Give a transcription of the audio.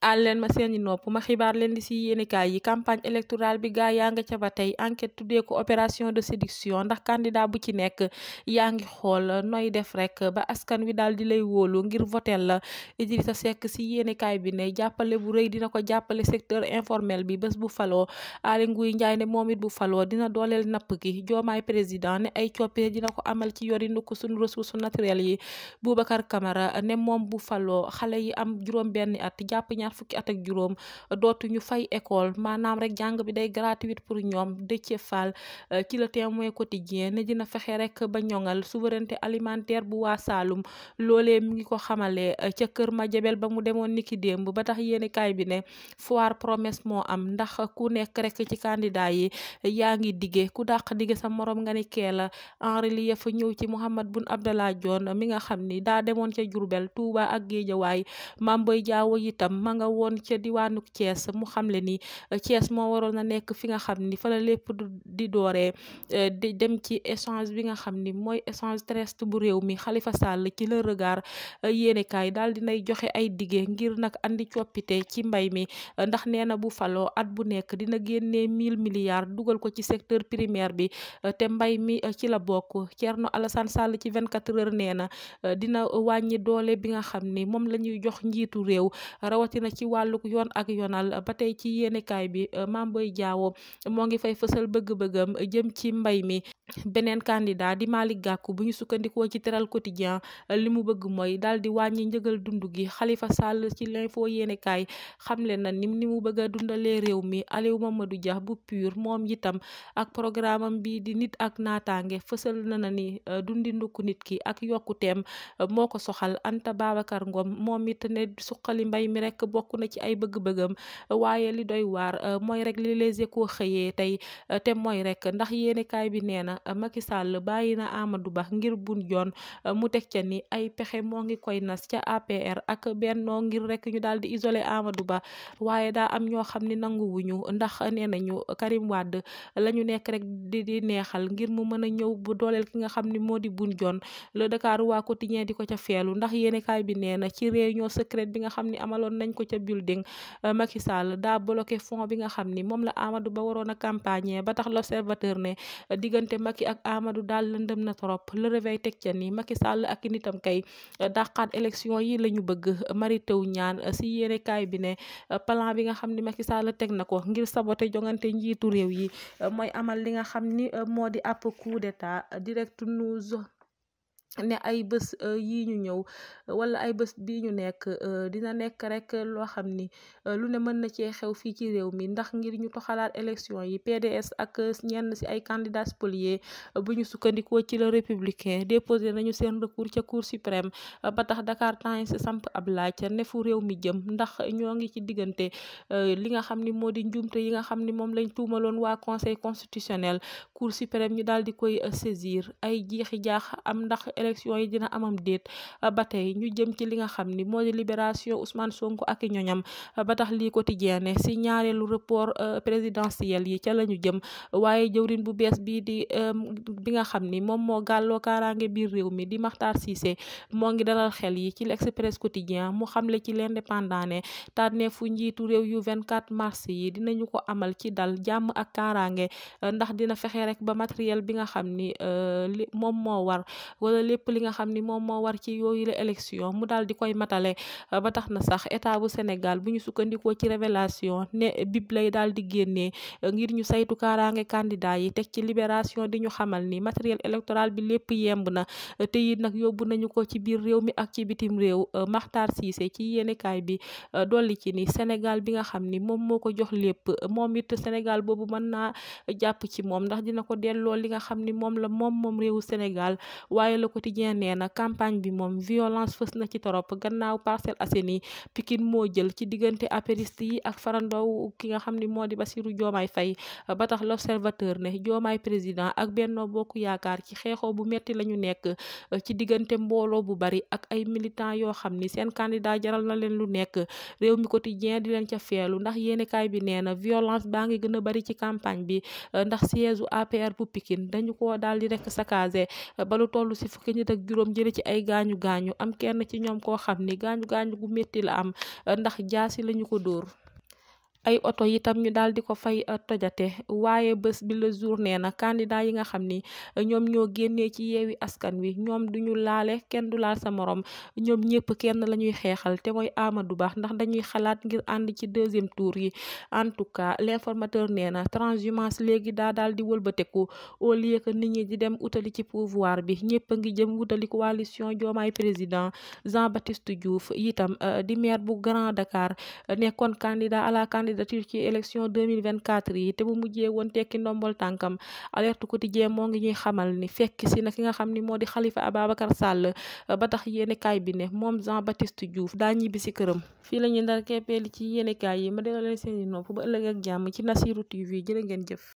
al ma seeni nopp ma xibaar leen li si yéenekaay yi campagne électorale bi gaa yaa nga ca ba tey enquête tuddee ko opération de séduction ndax candidat bu ci nekk yaa ngi xool nooy def rek ba askan wi daal di lay woolu ngir votel la Idrissa Seck si yéenekaay bi ne jàppale bu rëy dina ko jàppale secteur informel bi bés bu faloo Aly Ngouille Ndiaye ne moom it bu faloo dina dooleel napp gi joomaay président ne ay coppite dina ko amal ci yorinu ko suñu ressource naturelle yi Boubacar Camara ne bu faloo xale yi am juróom benn ñaar fukki at ak juróom dootuñu fay école maanaam rek jàng bi day gratuite pour ñoom Déthié Fall euh, ci le témoin quotidien ne dina fexe rek ba ñongal souveraineté alimentaire bu waa Saloum loolee mi ngi ko xamalee euh, ca kër Madiabel ba mu demoon niki démb ba tax yéenekaay bi ne foire promesse moo am ndax ku nekk rek ci candidat yi euh, yaa ngi dige ku dàq dige sa morom nga ni kee la en relief ñëw ci Mouhamed Boun Abdallah Dionne mi nga xam ni daa demoon ca Diourbel Touba ak Guédiawaye Mame nga woon ca diwaanu Thiès mu xamle nii eh, Thiès moo waroon a nekk fi nga xam ni fa la lépp di dooree eh, di dem ci échange bi nga xam ni mooy échange terrestre bu réew mi xalifa Sall ci le regard eh, yéenekaay daal dinay joxe ay dige ngir nag andi coppite ci mbay mi ndax nee na bu falo at bu nekk dina génnee mille milliards dugal ko ci secteur primaire bi te mbay mi ci la bokk Thierno Alassane Sall ci 24 heures nee na dina wàññi doole bi nga xam ni moom la ñuy jox njiitu réew na ci wàlluk yoon ak yoonal ba tey ci yéenekaay bi euh, Mame Boye Diao moo ngi fay fësal bëgg-bëggam jëm ci mbay mi beneen candidat di Malick Gakou bu ñu sukkandikoo ci teral quotidien li mu bëgg mooy dal di wàññi njëgal dund gi Khalifa Sall ci l'info yéenekaay xamle na nim ni mu bëgg dundalee réew mi Aliou Mamadou Dia bu pur moom itam ak programme am bi di nit ak naataange fësal na na ni euh, dundi ndukku nit ki ak yokkuteem euh, moo soxal Anta Babacar Ngom moom bokk na ci ay bëgg-bëggam waaye li doy waar euh, mooy rek li les échos xëyee tey euh, te mooy rek ndax yéenekaay bi nee na euh, Macky Sall bàyyi na Amadou Ba ngir bun joon mu teg ca ni ay pexe moo ngi koy nas ca APR ak Benno ngir rek ñu daal di isolé Amadou Ba waaye daa am ñoo xam ne nanguwuñu ndax nee nañu Karim Wade nekk rek di di neexal ngir mu mën a ñëw bu dooleel ki nga xam ne moo di bun joon ci réunion secrète bi nga xam ne amaloon nañ ko ca building euh, Macky Sall daa bloqué fon bi nga xam ni moom la Amadou Ba waroon a campagne ba tax la l'observateur ne euh, diggante Macky ak Amadou daal lëndëm na trop le réveil teg ca ni Macky Sall ak nitam kay euh, dàqaat élection yi la ñu bëgg mari tew ñaan si yéene kaay bi ne plan bi nga xam ni Macky Sall teg na ko ngir saboté jongante njiitu réew yi mooy amal li nga xam ni moo di ab coup d'état direct news ne ay bés euh, yii ñu ñëw wala ay bës bii ñu nekk euh, dina nekk rek loo xam ni euh, lu ne mën na cee xew fii ci réew mi ndax ngir ñu toxalaat élection yi PDS ak ñenn si ay candidats spoliés bu ñu sukkandikoo ci le républicain déposé nañu seen recours ca cour suprême ba tax Dakar Times samp ab laaj ne fu réew mi jëm ndax ñoo ngi ci diggante li nga xam ni moo di njumte yi nga xam ni moom lañ tuumaloon waa conseil constitutionnel cour suprême ñu daal di koy saisir ay jeexi jaax élection yi dina amam dét euh, ba tey ñu jëm ci li nga xam ni moo di libération Ousmane Sonko ak ñoñam euh, ba tax lii quotidien ne si ñaareelu report euh, présidentiel yi ca la ñu jëm waaye jëwrin bu bees bii di bi nga xam ni moom moo gàlloo kaaraange biir réew mi di Makhtar sise moo ngi dalal xel yi ci l'Express quotidien mu le ci l'Indépendant ne tànne fu njiitu réew yu vingt 24 mars yi dinañu ko amal ci dal jàmm ak kaaraange ndax dina fexe rek ba matériel bi nga xam ni moom moo lépp li nga xam ni moom moo war ci yooyu la mu daal di koy matale euh, ba tax na sax état bu Sénégal bu ñu sukkandikoo ci révélation ne bib lay daal di génnee euh, ngir ñu saytu kaaraange candidat yi teg ci libération di ñu xamal ni matériel électoral bi lépp yemb na euh, te it nag yóbbu nañu ko ci biir réew mi ak ci bitim réew Makhtar Cissé ci yéenekaay bi dolli ci ni Sénégal bi nga xam ni moom moo ko jox lépp moom it Sénégal boobu mën naa jàpp ci moom ndax dina ko delloo li nga xam ni moom la moom moom réewu Sénégal waaye la quotidien nee na campagne bi moom violence fës na ci torop gannaaw Parcelles Assainies Pikine moo jël ci diggante apériste yi ak farandoow ki nga xam ni moo di Bassirou Diomaye Faye ba tax la l'observateur ne Diomaye président ak Benno Bokk Yaakaar ci xeexoo bu metti la ñu nekk ci diggante mbooloo bu bari ak ay militants yoo xam ni seen candidat jaral na leen lu nekk réew mi quotidien di leen ca feelu ndax yéenekaay bi nee na violence baa ngi gën a bari ci campagne bi ndax siège u APR fukki nit ak juróom jële ci ay gaañu gaañu am kenn ci ñoom koo xam ni gaañu gaañu gu métti la am ndax jaasi lañu ko dóor ay oto yitam ñu daal di ko fay euh, tojate waaye bës bi la journée na candidat yi nga xam ni euh, ñoom ñoo génnee ci yeewi askan wi ñoom du ñu laale kenn du laal sa morom ñoom ñëpp kenn la ñuy xeexal te mooy Amadou Ba ndax dañuy xalaat ngir ànd ci deuxième tour yi en tout cas l'informateur nee na transhumance léegi daa daal di wëlbateku au lieu que ni ñi di dem utali ci pouvoir bi ñëpp a ngi jëm wutali coalition Diomaye président Jean Baptiste Diouf yitam euh, di maire bu Grand Dakar candidature ci élection 2024 yi te bu mujjee woon tekki ndombol tànkam alerte quotidien moo ngi ñuy xamal ni fekk si na ki nga xam ni moo di Khalifa Ababacar Sall ba tax yéenekaay bi ne moom Jean Baptiste Diouf daa ñibbi si këram fii la ñuy ndar keppeeli ci yéenekaay yi ma delloo leen seeni nopp ba ëllëg ak jàmm ci Nasiru TV jërë ngeen jëf